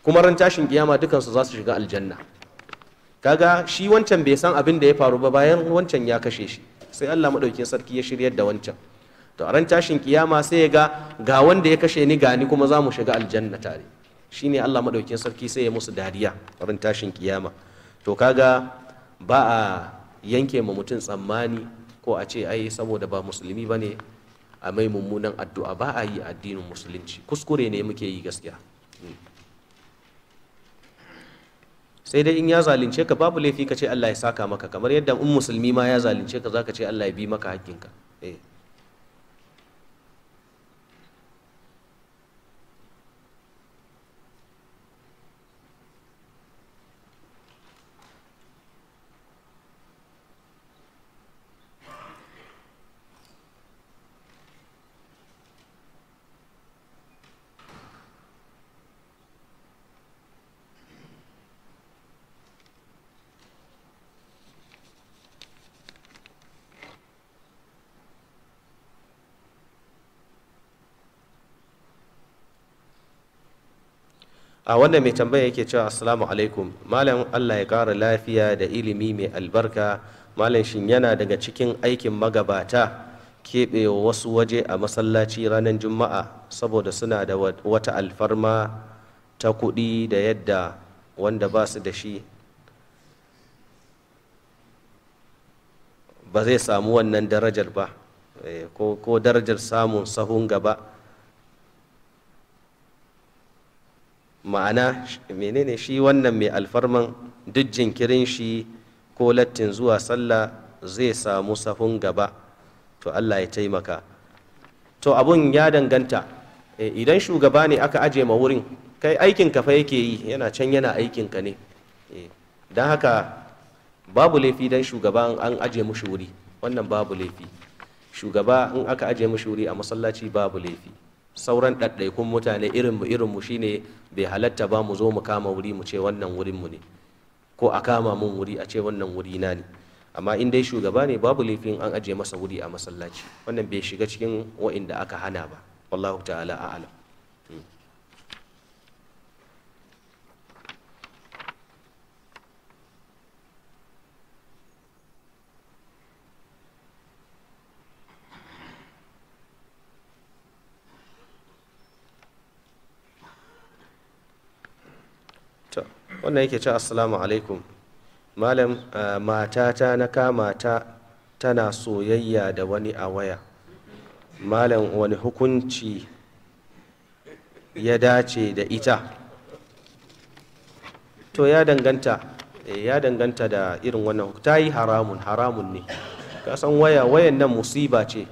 kuma ran tashin kiyama dukansu za su shiga aljanna kaga shi wancan bai san abin da ya faru ba bayan wancan ya kashe shi sai Allah madaukin sarki ya shiryar da wancan to a ran tashin kiyama sai ya ga ga wanda ya kashe ni gani kuma za mu shiga aljanna tare shine Allah madaukin sarki sai ya musu dariya a ran tashin kiyama to kaga ba a yanke ma mutum tsammani ko a ce ai saboda ba musulmi bane a mai mummunan addu'a ba a yi addinin musulunci kuskure ne muke yi gaskiya hmm. sai dai in ya zalunce ka babu laifi ka ce Allah ya saka maka kamar yadda in musulmi ma ya zalunce ka zaka ce Allah ya bi maka hakkinka eh a wannan mai tambaya yake cewa assalamu alaikum malam allah ya kara lafiya da ilimi mai albarka malam shin yana daga cikin aikin magabata keɓe wasu waje a masallaci ranar juma'a saboda suna da wata alfarma ta kuɗi da yadda wanda ba su da shi ba zai samu wannan darajar ba eh, ko darajar samun sahun gaba ma'ana menene shi wannan mai alfarman duk jinkirin shi ko lattin zuwa sallah zai samu sahun gaba to Allah ya taimaka to abun ya danganta e, idan shugaba ne aka aje ma wurin kai aikin ka fa yake yi yana can yana aikin ka ne e, don haka babu laifi dan shugaba an aje mushi wuri wannan babu laifi shugaba in aka aje mushi wuri a masallaci babu laifi sauran ɗaɗɗaikun mutane irin mu irin mu shine bai halatta ba mu zo mu kama wuri mu ce wannan wurin mu ne ko a kama mun wuri a ce wannan wuri na ne amma in dai shugaba ne babu laifin an aje masa wuri a masallaci wannan bai shiga cikin wa'inda aka hana ba wallahu ta'ala a'lam wannan yake ce assalamu alaikum malam eh, matata na kama ta tana soyayya da wani a waya malam wani hukunci ya dace da ita to ya danganta eh, ya danganta da irin wannan ta yi haramun haramun ne kasan waya wayan nan musiba ce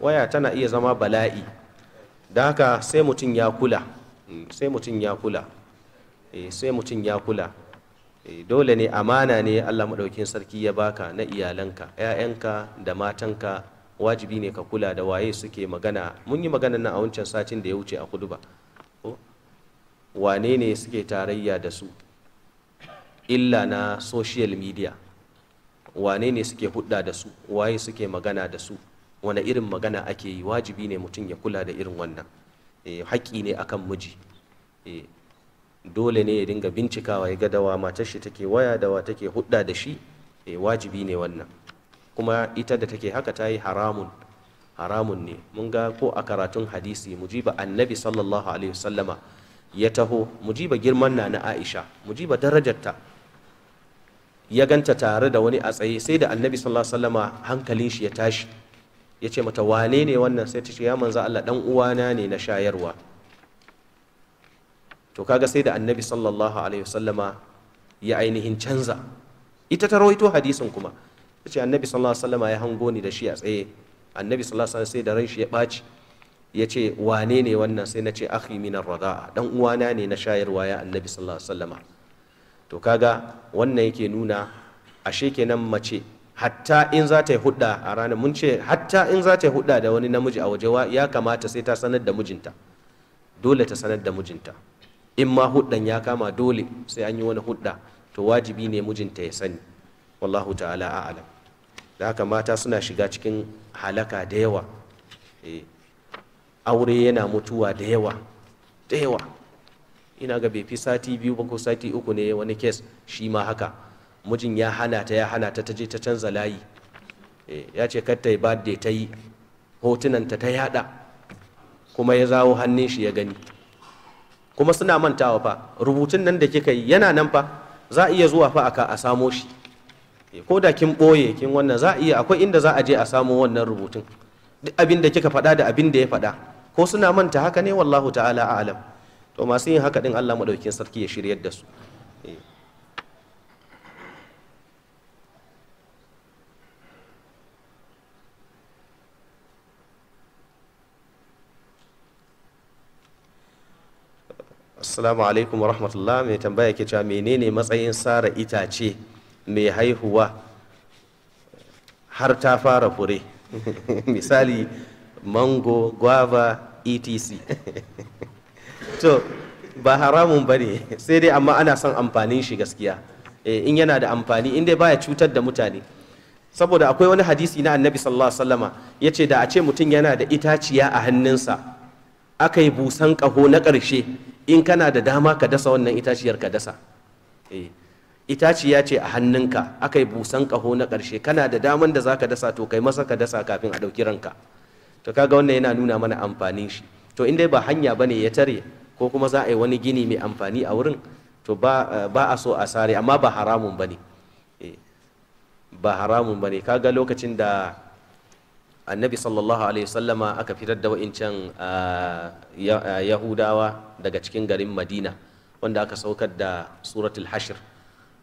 waya tana iya zama bala'i da haka sai mutum ya kula hmm, sai mutum ya kula Eh, sai mutum ya kula eh, dole ne amana ne allah maɗaukin sarki ya baka na iyalanka 'ya'yanka da matanka wajibi ne ka kula da waye suke magana mun yi magana na a wancan satin da ya wuce a ba wane ne suke tarayya da su illa na social media wane ne suke hudda da su waye suke magana da su wane irin magana ake yi wajibi ne mutum ya kula da irin wannan eh, haƙƙi ne akan miji dole ne ya dinga bincikawa ya ga dawa matar shi take waya dawa take hudda da shi e wajibi ne wannan kuma ita da take haka ta yi haramun haramun ne mun ga ko a karatun hadisi mujiba annabi sallallahu alaihi wasallama ya taho mujiba girman na na aisha mujiba darajarta ya ganta tare da wani a tsaye sai da annabi sallallahu alaihi wasallama hankalin shi ya tashi ya ce mata wane ne wannan sai ta ce ya manzo Allah dan uwana ne na shayarwa to kaga sai da annabi sallallahu alaihi wasallama ya ainihin canza ita ta rawaito hadisin kuma ta ce annabi sallallahu alaihi wasallama ya hango ni da shi a tsaye annabi sallallahu alaihi sai da ran shi ya ɓaci ya ce wane ne wannan sai na ce akhi minar rada'a dan uwana ne na shayarwa ya annabi sallallahu alaihi wasallama to kaga wannan yake nuna ashe kenan mace hatta in za ta yi hudda a ranar mun ce hatta in za ta yi hudda da wani namiji a waje ya kamata sai ta sanar da mijinta dole ta sanar da mijinta in ma huddan ya kama dole sai an yi wani hudda to wajibi ne mijinta ya sani wallahu ta'ala a'lam da haka mata suna shiga cikin halaka da yawa eh, aure yana mutuwa da yawa da yawa ina ga bai fi sati biyu ba ko sati uku ne wani kes shi ma haka mijin ya hana ta ya hana ta je ta canza layi eh, ya ce kar ta yi birthday ta yi hotunanta ta yada kuma ya zawo hannun shi ya gani kuma suna mantawa fa rubutun nan da kika yi yana nan fa za a iya zuwa fa aka a samo shi eh, ko da kin ɓoye kin wannan za a iya akwai inda za a je a samo wannan rubutun duk abin da kika faɗa da abin da ya faɗa ko suna manta haka ne wallahu ta'ala a'lam to masu yin haka ɗin Allah madaukin sarki ya shiryar da su assalamu alaikum wa rahmatullah mai tambaya ke cewa menene matsayin tsara itace mai haihuwa har ta fara fure misali mango guava etc to ba haramun ba ne sai dai amma ana son amfanin shi gaskiya eh, in yana da amfani in dai baya cutar da mutane saboda akwai wani hadisi na annabi sallallahu alaihi wasallama ya ce da a ce mutum yana da itaciya a hannunsa aka yi busan ƙaho na ƙarshe in kana da dama ka dasa wannan itaciyar ka dasa eh, itaciya ce a hannunka aka yi busan ƙaho na ƙarshe kana da daman da za ka dasa to kai masa ka dasa kafin a ɗauki ranka to kaga wannan yana nuna mana amfanin shi to in dai ba hanya bane ya tare ko kuma za a yi wani gini mai amfani a wurin to ba a so a sare amma ba haramun bane eh, ba haramun bane kaga lokacin da annabi sallallahu alaihi wasallama aka fitar da wa'incan ah, ah, yahudawa daga cikin garin madina wanda aka saukar da suratul hashir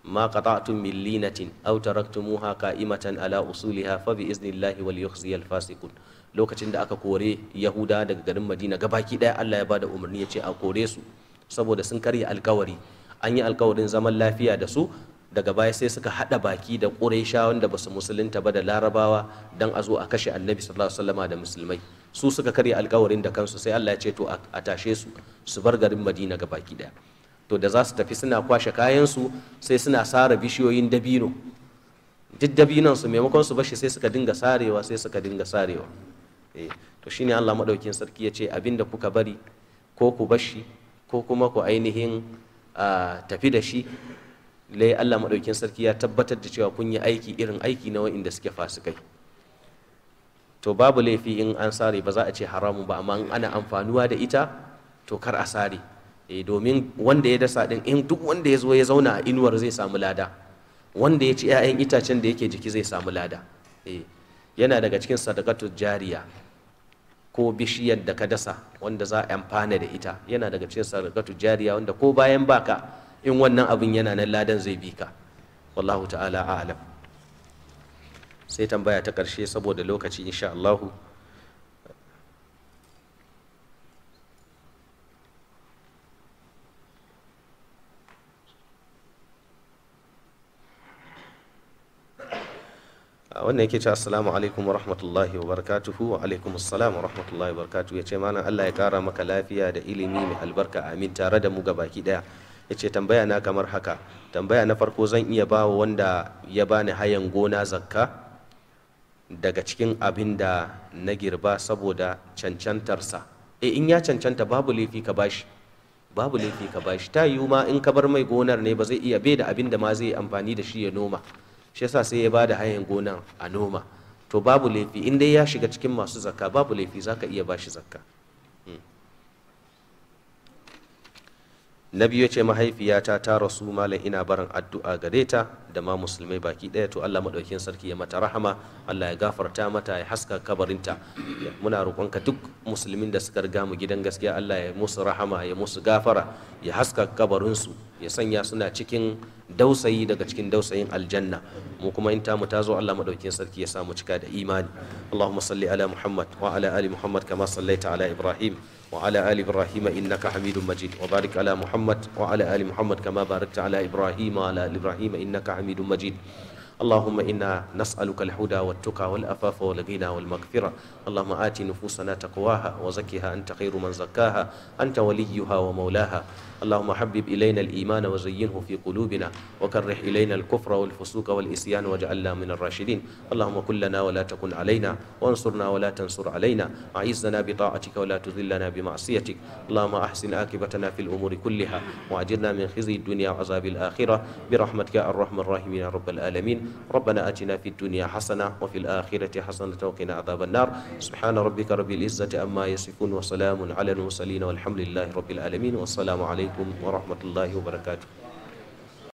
min linatin aw taraktumuha qa'imatan ala usuliha fa bi iznillahi wal yukhziyal fasiqun lokacin da aka kore yahuda daga garin madina gabaki daya allah ya bada umarni ya ce a kore su saboda sun karya alkawari an yi alkawarin zaman lafiya da su daga baya sai suka haɗa baki da ƙuraisha wanda ba su musulunta ba da larabawa don a zo a kashe annabi sallallahu alaihi wasallama da musulmai su suka karya alkawarin da kansu sai Allah ya ce to a tashe su su bar garin Madina ga baki daya to da za su tafi suna kwashe kayan su sai suna sare bishiyoyin dabino duk dabinon su maimakon su bashi sai suka dinga sarewa sai suka dinga sarewa eh to shine Allah madaukin sarki ya ce abin da kuka bari ko ku bashi ko kuma ku ainihin ah, tafi da shi lai Allah maɗaukin sarki ya tabbatar da cewa kun yi aiki irin aiki na wa'inda suke fasikai to babu laifi in an sare ba za a ce haramu ba amma in ana amfanuwa da ita to kar a sare e domin wanda ya dasa din in duk wanda ya zo ya zauna a inuwar zai samu lada wanda ya ci 'ya'yan itacen da yake jiki zai samu lada e yana daga cikin sadakatu jariya ko bishiyar da ka dasa wanda za a amfana da ita yana daga cikin sadakatu jariya wanda ko bayan baka in wannan abin yana nan ladan zai bi ka wallahu ta'ala a'lam sai tambaya ta ƙarshe saboda lokaci insha Allahu wannan yake ce assalamu alaikum wa rahmatullahi wa barakatuhu wa alaikum assalam wa rahmatullahi wa barakatuhu ya ce mana Allah ya kara maka lafiya da ilimi mai albarka amin tare da mu ga baki daya ya ce tambaya na kamar haka tambaya na farko zan iya ba wanda ya bani hayan gona zakka daga cikin abin da na girba saboda cancantarsa e in ya cancanta babu laifi ka bashi babu laifi ka bashi ta yiwu ma in ka bar mai gonar ne ba zai iya bai da abin da ma zai amfani da shi ya noma shi yasa sai ya ba da hayan gonar a noma to babu laifi in dai ya shiga cikin masu zakka babu laifi zaka iya bashi zakka hmm. na biyu ce mahaifiyata ta rasu malam ina barin addu'a gare ta da ma musulmai baki ɗaya to Allah maɗaukin sarki ya mata rahama Allah ya gafarta mata ya haska kabarinta muna roƙonka duk musulmin da suka riga mu gidan gaskiya Allah ya musu rahama ya musu gafara ya haska kabarinsu ya sanya suna cikin dausayi daga cikin dausayin aljanna mu kuma in tamu ta zo Allah maɗaukin sarki ya samu cika da imani Allahumma salli ala Muhammad wa ala ali Muhammad kama sallaita ala Ibrahim وعلى آل إبراهيم إنك حميد مجيد وبارك على محمد وعلى آل محمد كما باركت على إبراهيم وعلى آل إبراهيم إنك حميد مجيد اللهم إنا نسألك الهدى والتقى والأفاف والغنى والمغفرة اللهم آت نفوسنا تقواها وزكها أنت خير من زكاها أنت وليها ومولاها اللهم حبب إلينا الإيمان وزينه في قلوبنا وكره إلينا الكفر والفسوق والإسيان واجعلنا من الراشدين اللهم كن لنا ولا تكن علينا وانصرنا ولا تنصر علينا أعزنا بطاعتك ولا تذلنا بمعصيتك اللهم أحسن عاقبتنا في الأمور كلها وأجرنا من خزي الدنيا وعذاب الآخرة برحمتك أرحم الراحمين يا رب العالمين ربنا آتنا في الدنيا حسنة وفي الآخرة حسنة وقنا عذاب النار سبحان ربك رب العزة أما يصفون وسلام على المرسلين والحمد لله رب العالمين والسلام عليكم ورحمة الله وبركاته